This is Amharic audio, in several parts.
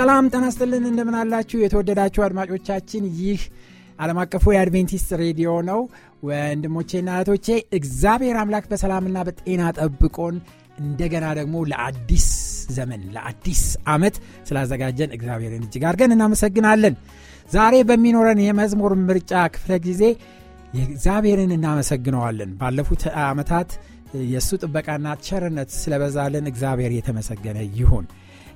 ሰላም ጠናስትልን እንደምናላችሁ የተወደዳችሁ አድማጮቻችን ይህ ዓለም አቀፉ የአድቬንቲስት ሬዲዮ ነው ወንድሞቼና እህቶቼ እግዚአብሔር አምላክ በሰላምና በጤና ጠብቆን እንደገና ደግሞ ለአዲስ ዘመን ለአዲስ ዓመት ስላዘጋጀን እግዚአብሔርን እጅግ አድርገን እናመሰግናለን ዛሬ በሚኖረን የመዝሙር ምርጫ ክፍለ ጊዜ እግዚአብሔርን እናመሰግነዋለን ባለፉት ዓመታት የእሱ ጥበቃና ቸርነት ስለበዛልን እግዚአብሔር የተመሰገነ ይሁን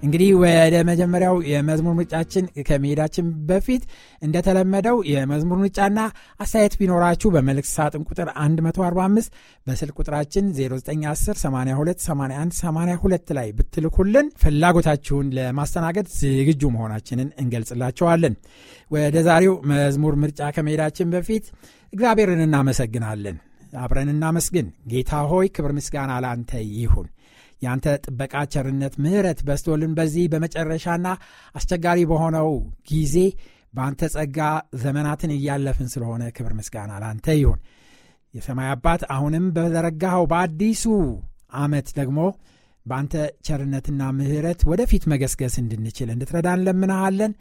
እንግዲህ ወደ መጀመሪያው የመዝሙር ምርጫችን ከመሄዳችን በፊት እንደተለመደው የመዝሙር ምርጫና አስተያየት ቢኖራችሁ በመልእክት ሳጥን ቁጥር 145 በስልክ ቁጥራችን 0910828182 ላይ ብትልኩልን ፍላጎታችሁን ለማስተናገድ ዝግጁ መሆናችንን እንገልጽላቸዋለን። ወደ ዛሬው መዝሙር ምርጫ ከመሄዳችን በፊት እግዚአብሔርን እናመሰግናለን። አብረን እናመስግን። ጌታ ሆይ ክብር ምስጋና ላንተ ይሁን። ያንተ ጥበቃ፣ ቸርነት፣ ምሕረት በስቶልን በዚህ በመጨረሻና አስቸጋሪ በሆነው ጊዜ በአንተ ጸጋ ዘመናትን እያለፍን ስለሆነ ክብር ምስጋና ላንተ ይሁን። የሰማይ አባት አሁንም በዘረጋኸው በአዲሱ ዓመት ደግሞ በአንተ ቸርነትና ምሕረት ወደፊት መገስገስ እንድንችል እንድትረዳ እንለምንሃለን።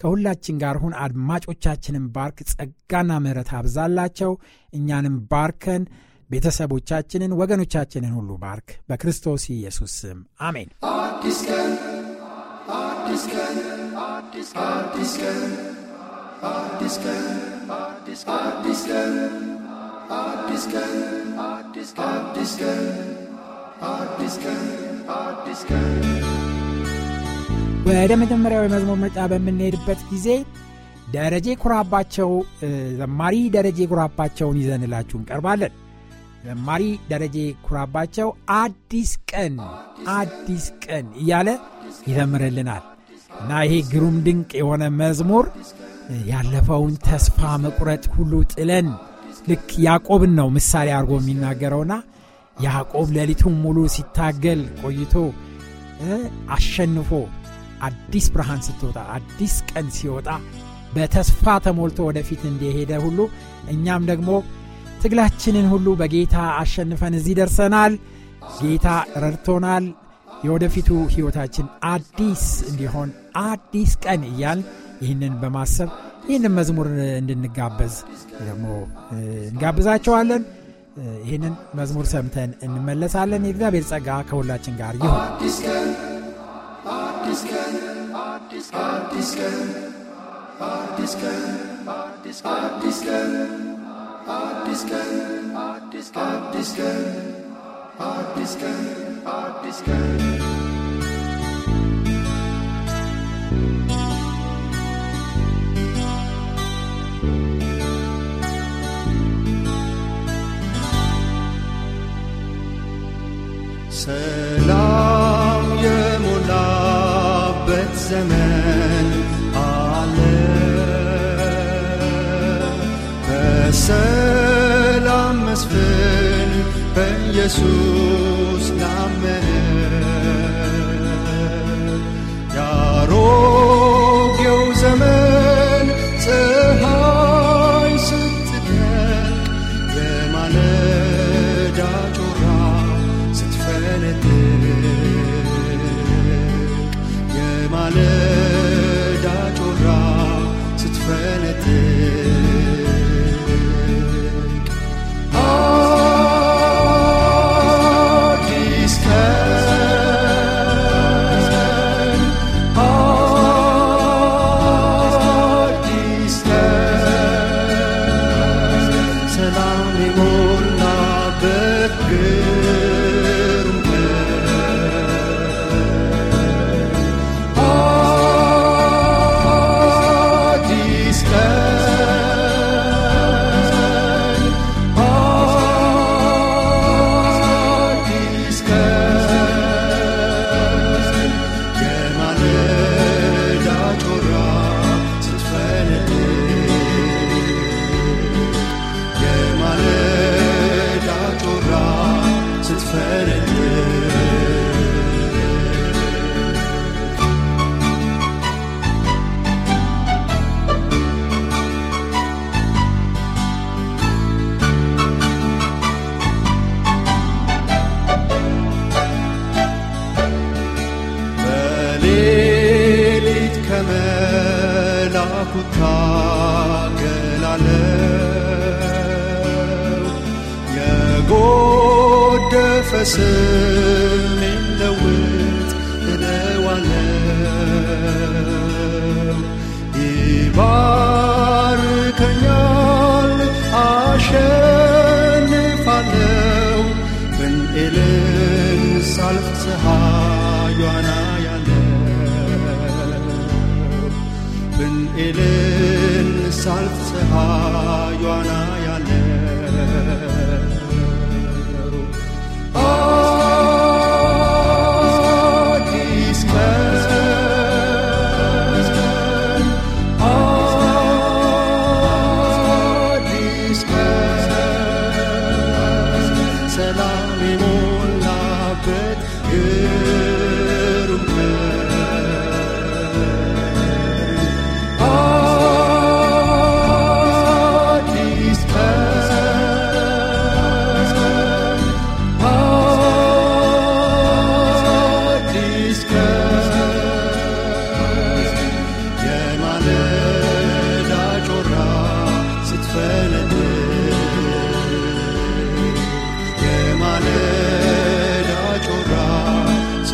ከሁላችን ጋር ሁን። አድማጮቻችንን ባርክ፣ ጸጋና ምሕረት አብዛላቸው። እኛንም ባርከን ቤተሰቦቻችንን፣ ወገኖቻችንን ሁሉ ባርክ። በክርስቶስ ኢየሱስ ስም አሜን። አዲስ ቀን አዲስ ቀን አዲስ ቀን አዲስ ቀን አዲስ ቀን አዲስ ቀን አዲስ ቀን አዲስ ቀን አዲስ ቀን ወደ መጀመሪያው የመዝሙር ምርጫ በምንሄድበት ጊዜ ደረጀ ኩራባቸው ዘማሪ ደረጀ ኩራባቸውን ይዘንላችሁ እንቀርባለን። ዘማሪ ደረጀ ኩራባቸው አዲስ ቀን አዲስ ቀን እያለ ይዘምርልናል እና ይሄ ግሩም ድንቅ የሆነ መዝሙር ያለፈውን ተስፋ መቁረጥ ሁሉ ጥለን ልክ ያዕቆብን ነው ምሳሌ አድርጎ የሚናገረውና ያዕቆብ ሌሊቱን ሙሉ ሲታገል ቆይቶ አሸንፎ አዲስ ብርሃን ስትወጣ አዲስ ቀን ሲወጣ በተስፋ ተሞልቶ ወደፊት እንደሄደ ሁሉ እኛም ደግሞ ትግላችንን ሁሉ በጌታ አሸንፈን እዚህ ደርሰናል። ጌታ ረድቶናል። የወደፊቱ ሕይወታችን አዲስ እንዲሆን አዲስ ቀን እያል ይህንን በማሰብ ይህንን መዝሙር እንድንጋበዝ ደግሞ እንጋብዛቸዋለን። ይህንን መዝሙር ሰምተን እንመለሳለን። የእግዚአብሔር ጸጋ ከሁላችን ጋር ይሁን። አዲስ ቀን አዲስ ቀን አዲስ ቀን አዲስ ቀን Art Disco, Art Disco, Art Disco, Art Disco, Art Disco. Jesús. ኤልን ሳልፍ ፀሐዩዋና ያለ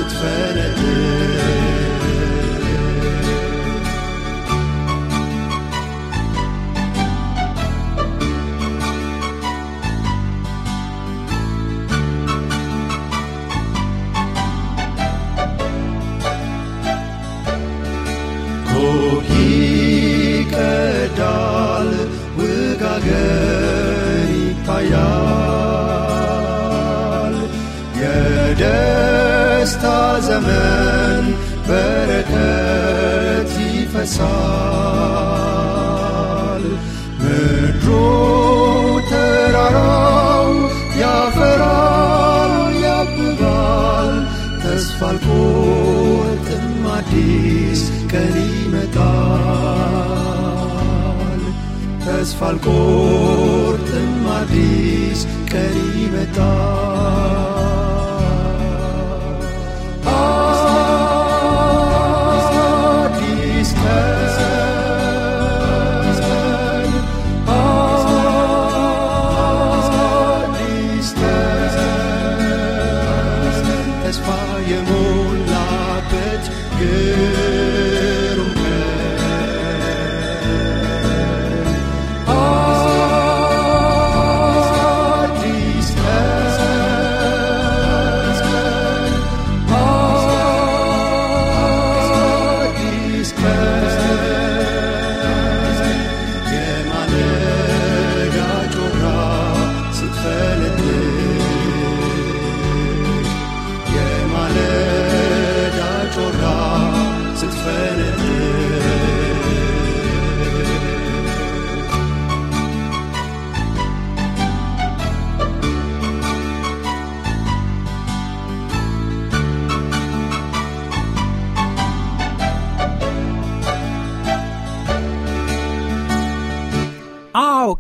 het ver.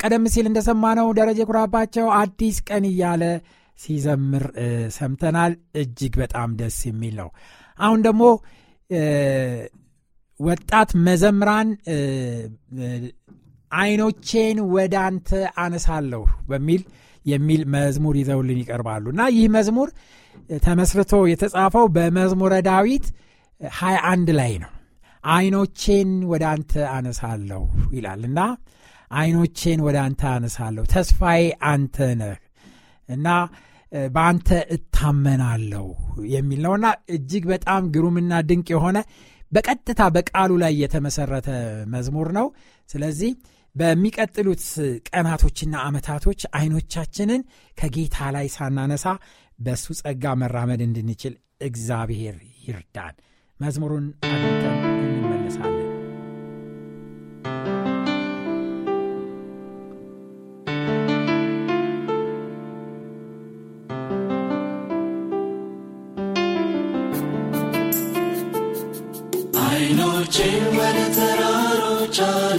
ቀደም ሲል እንደሰማነው ደረጀ ኩራባቸው አዲስ ቀን እያለ ሲዘምር ሰምተናል። እጅግ በጣም ደስ የሚል ነው። አሁን ደግሞ ወጣት መዘምራን አይኖቼን ወደ አንተ አነሳለሁ በሚል የሚል መዝሙር ይዘውልን ይቀርባሉ እና ይህ መዝሙር ተመስርቶ የተጻፈው በመዝሙረ ዳዊት 21 ላይ ነው። አይኖቼን ወደ አንተ አነሳለሁ ይላል እና አይኖቼን ወደ አንተ አነሳለሁ ተስፋዬ አንተ ነህ እና በአንተ እታመናለሁ የሚል ነውና እጅግ በጣም ግሩምና ድንቅ የሆነ በቀጥታ በቃሉ ላይ የተመሰረተ መዝሙር ነው ስለዚህ በሚቀጥሉት ቀናቶችና አመታቶች አይኖቻችንን ከጌታ ላይ ሳናነሳ በእሱ ጸጋ መራመድ እንድንችል እግዚአብሔር ይርዳን መዝሙሩን አድርገን እንመለሳለን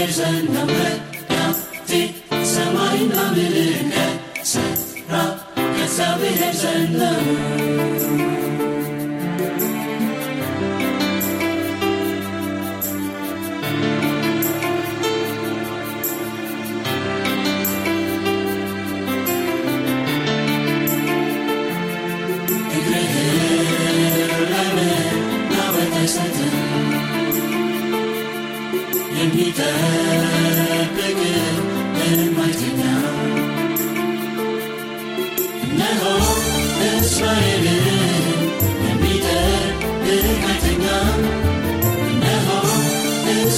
There's a number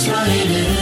sliding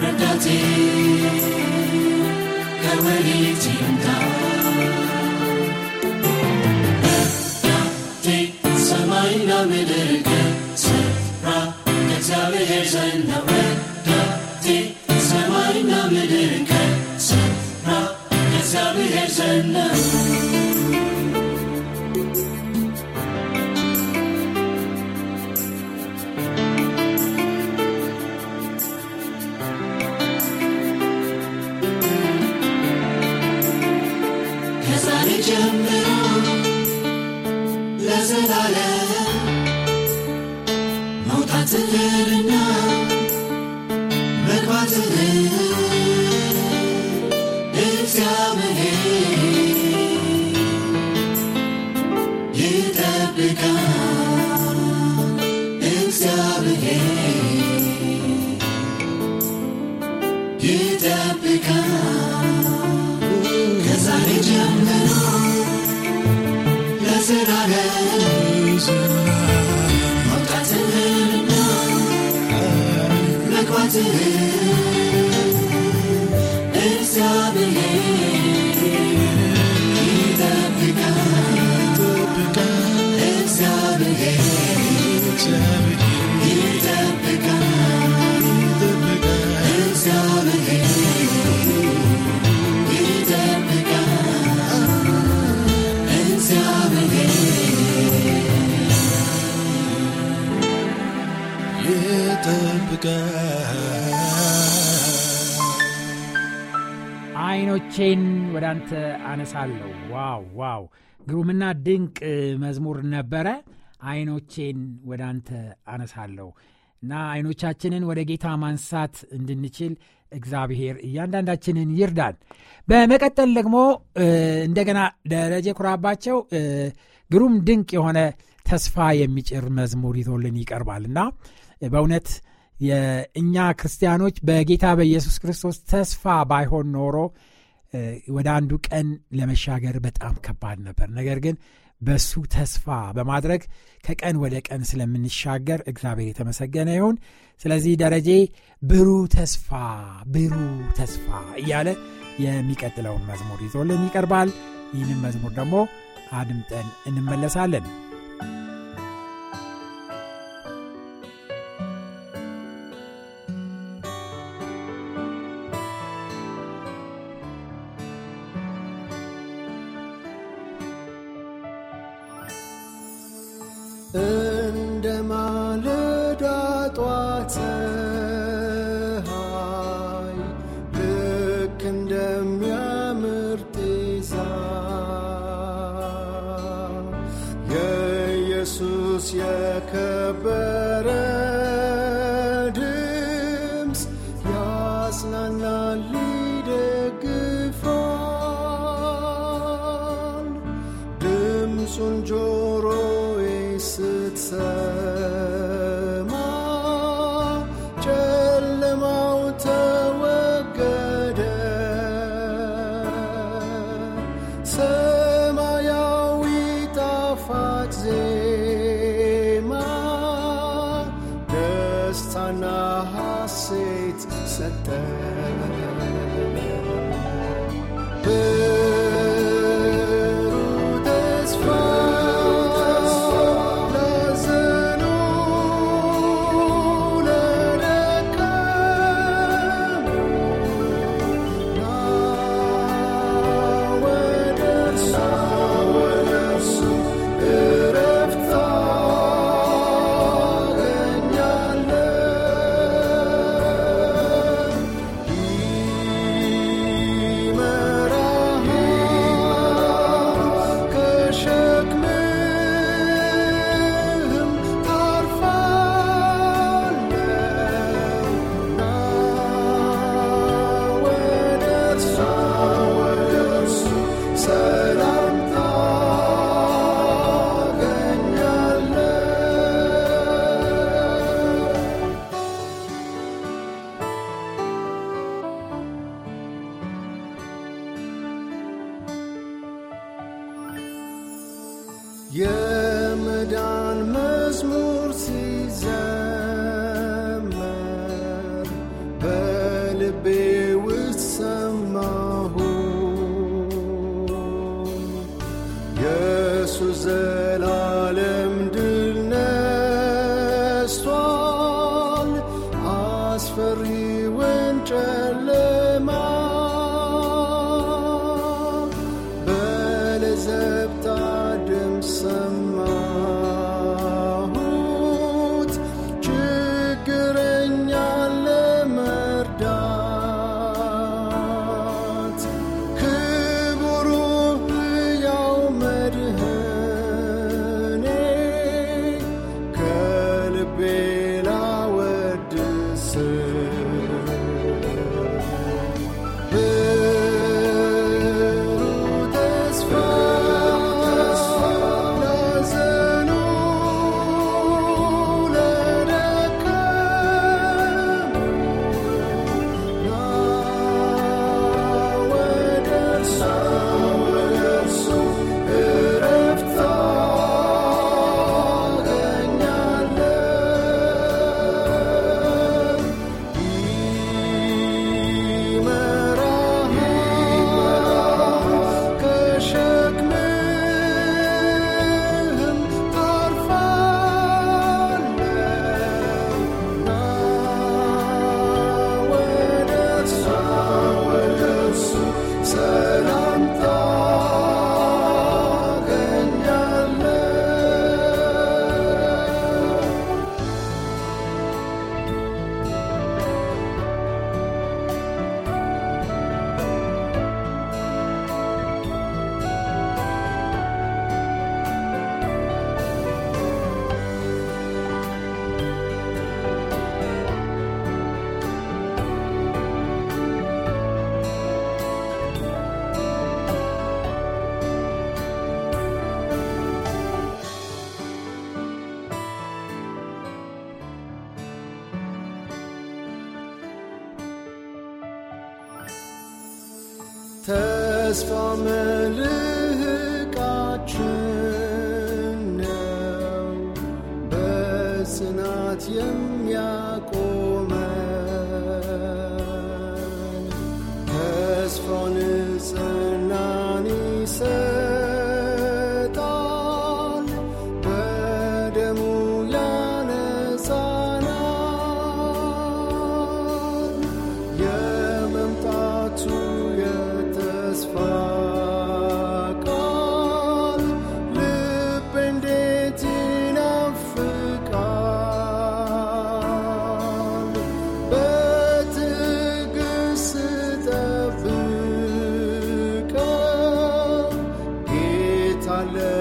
Redati, Kaweli Tinta. begun. አይኖቼን ወደ አንተ አነሳለሁ። ዋው ዋው! ግሩምና ድንቅ መዝሙር ነበረ። ዐይኖቼን ወደ አንተ አነሳለሁ እና አይኖቻችንን ወደ ጌታ ማንሳት እንድንችል እግዚአብሔር እያንዳንዳችንን ይርዳል በመቀጠል ደግሞ እንደገና ደረጀ ኩራባቸው ግሩም ድንቅ የሆነ ተስፋ የሚጭር መዝሙር ይዞልን ይቀርባል እና በእውነት የእኛ ክርስቲያኖች በጌታ በኢየሱስ ክርስቶስ ተስፋ ባይሆን ኖሮ ወደ አንዱ ቀን ለመሻገር በጣም ከባድ ነበር። ነገር ግን በሱ ተስፋ በማድረግ ከቀን ወደ ቀን ስለምንሻገር እግዚአብሔር የተመሰገነ ይሁን። ስለዚህ ደረጀ ብሩህ ተስፋ ብሩህ ተስፋ እያለ የሚቀጥለውን መዝሙር ይዞልን ይቀርባል። ይህንም መዝሙር ደግሞ አድምጠን እንመለሳለን። C'est cette. ተስፋ መልህቃችን ነው በጽናት የም ታለ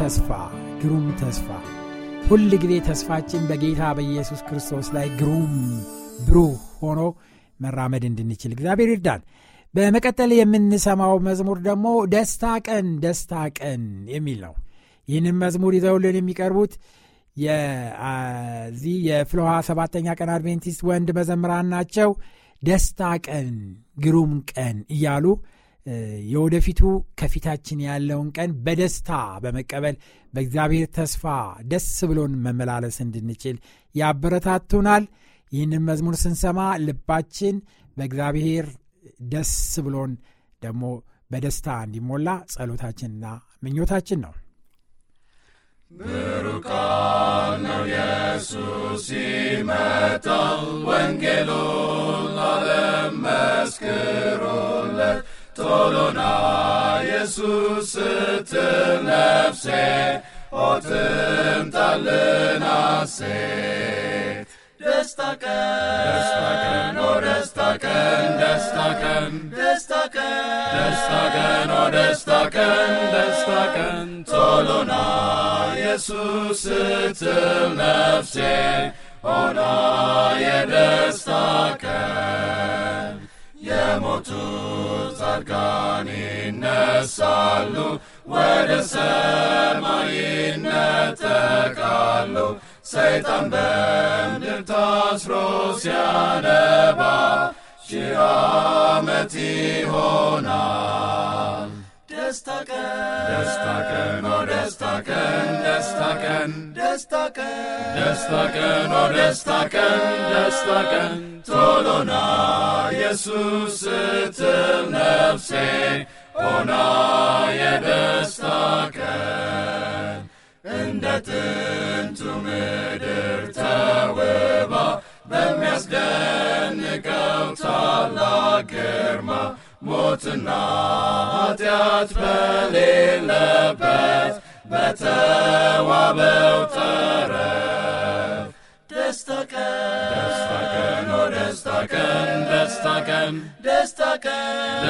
ተስፋ ግሩም ተስፋ ሁል ጊዜ ተስፋችን በጌታ በኢየሱስ ክርስቶስ ላይ ግሩም ብሩህ ሆኖ መራመድ እንድንችል እግዚአብሔር ይርዳን። በመቀጠል የምንሰማው መዝሙር ደግሞ ደስታ ቀን ደስታ ቀን የሚል ነው። ይህንም መዝሙር ይዘውልን የሚቀርቡት የዚህ የፍልውሃ ሰባተኛ ቀን አድቬንቲስት ወንድ መዘምራን ናቸው። ደስታ ቀን ግሩም ቀን እያሉ የወደፊቱ ከፊታችን ያለውን ቀን በደስታ በመቀበል በእግዚአብሔር ተስፋ ደስ ብሎን መመላለስ እንድንችል ያበረታቱናል። ይህንን መዝሙር ስንሰማ ልባችን በእግዚአብሔር ደስ ብሎን ደግሞ በደስታ እንዲሞላ ጸሎታችንና ምኞታችን ነው። ብሩካን ነው ኢየሱስ ሲመጣ ወንጌሉን ዓለም መስክሮለት ቶሎና ኢየሱስ ስትል ነፍሴ ኦትምጣልን ሐሴት ደስታ ቀን ኦ ደስታ ደስታቀን ደስታ ቶሎና ኢየሱስ ስትል ነፍሴ ሆና የደስታ ከሞቱ ጻድቃን ይነሳሉ፣ ወደ ሰማይ ይነጠቃሉ። ሰይጣን በምድር ታስሮ ሲያነባ ሺህ ዓመት ይሆናል። Destaken. Destaken, oh destaken, destaken. Destaken. Destaken, oh destaken, destaken. ቶሎና ኢየሱስ ስትል ነፍሴ that የደስታ ቀን እንደ ጥንቱ ምድር ተውባ በሚያስደንቀው ታላቅ ሞትና ኃጢአት በሌለበት በተዋበው ተረፍ ደስታ ቀን ደስታ ቀን ኦ ደስታ ቀን ደስታ ቀን ደስታ ቀን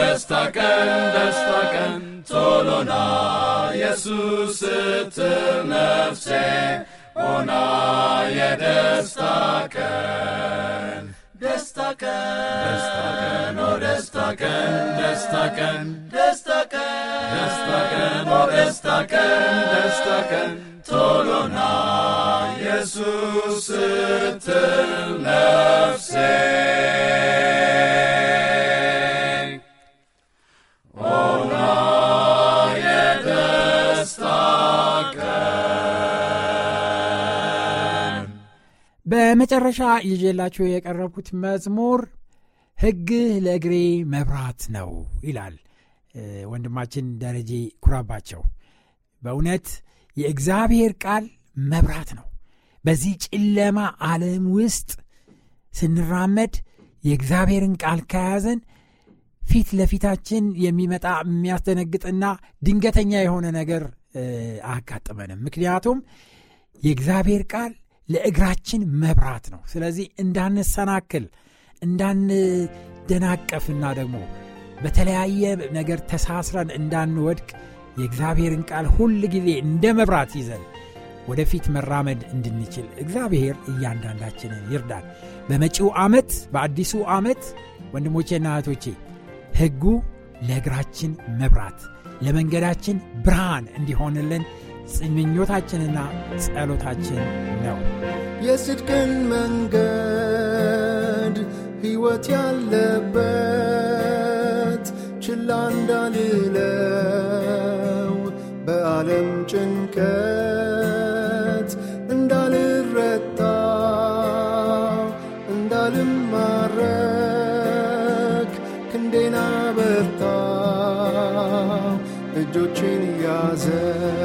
ደስታ ቀን ደስታ ቀን ቶሎና ኢየሱስ ስትል ነፍሴ ሆና የደስታ ቀን ደስታ ቀን ደስታ ቀን ደስታ ቀን ደስታ ቀን ደስታ ቀን ደስታ ቀን ቶሎና ኢየሱስ ስትል ነፍሴ በመጨረሻ ይዤላችሁ የቀረብኩት መዝሙር ሕግህ ለእግሬ መብራት ነው ይላል ወንድማችን ደረጄ ኩራባቸው። በእውነት የእግዚአብሔር ቃል መብራት ነው። በዚህ ጨለማ ዓለም ውስጥ ስንራመድ የእግዚአብሔርን ቃል ከያዘን ፊት ለፊታችን የሚመጣ የሚያስደነግጥና ድንገተኛ የሆነ ነገር አያጋጥመንም። ምክንያቱም የእግዚአብሔር ቃል ለእግራችን መብራት ነው። ስለዚህ እንዳንሰናክል፣ እንዳንደናቀፍና ደግሞ በተለያየ ነገር ተሳስረን እንዳንወድቅ የእግዚአብሔርን ቃል ሁል ጊዜ እንደ መብራት ይዘን ወደፊት መራመድ እንድንችል እግዚአብሔር እያንዳንዳችንን ይርዳል። በመጪው ዓመት በአዲሱ ዓመት ወንድሞቼና እህቶቼ ሕጉ ለእግራችን መብራት ለመንገዳችን ብርሃን እንዲሆንልን ምኞታችንና ጸሎታችን ነው። የጽድቅን መንገድ ሕይወት ያለበት ችላ እንዳልለው በዓለም ጭንቀት እንዳልረታ እንዳልማረክ ክንዴና በርታ እጆችን ያዘው።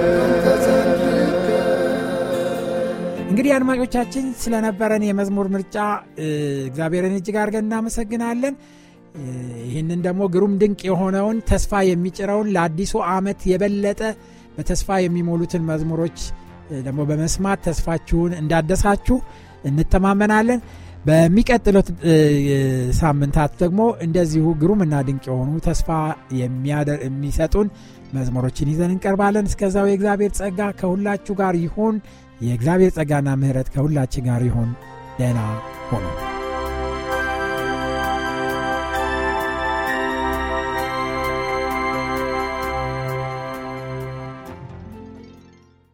እንግዲህ አድማጮቻችን ስለነበረን የመዝሙር ምርጫ እግዚአብሔርን እጅግ አድርገን እናመሰግናለን። ይህንን ደግሞ ግሩም ድንቅ የሆነውን ተስፋ የሚጭረውን ለአዲሱ ዓመት የበለጠ በተስፋ የሚሞሉትን መዝሙሮች ደግሞ በመስማት ተስፋችሁን እንዳደሳችሁ እንተማመናለን። በሚቀጥሉት ሳምንታት ደግሞ እንደዚሁ ግሩምና ድንቅ የሆኑ ተስፋ የሚሰጡን መዝሙሮችን ይዘን እንቀርባለን። እስከዛው የእግዚአብሔር ጸጋ ከሁላችሁ ጋር ይሁን። የእግዚአብሔር ጸጋና ምሕረት ከሁላችን ጋር ይሁን። ደና ሆኖ።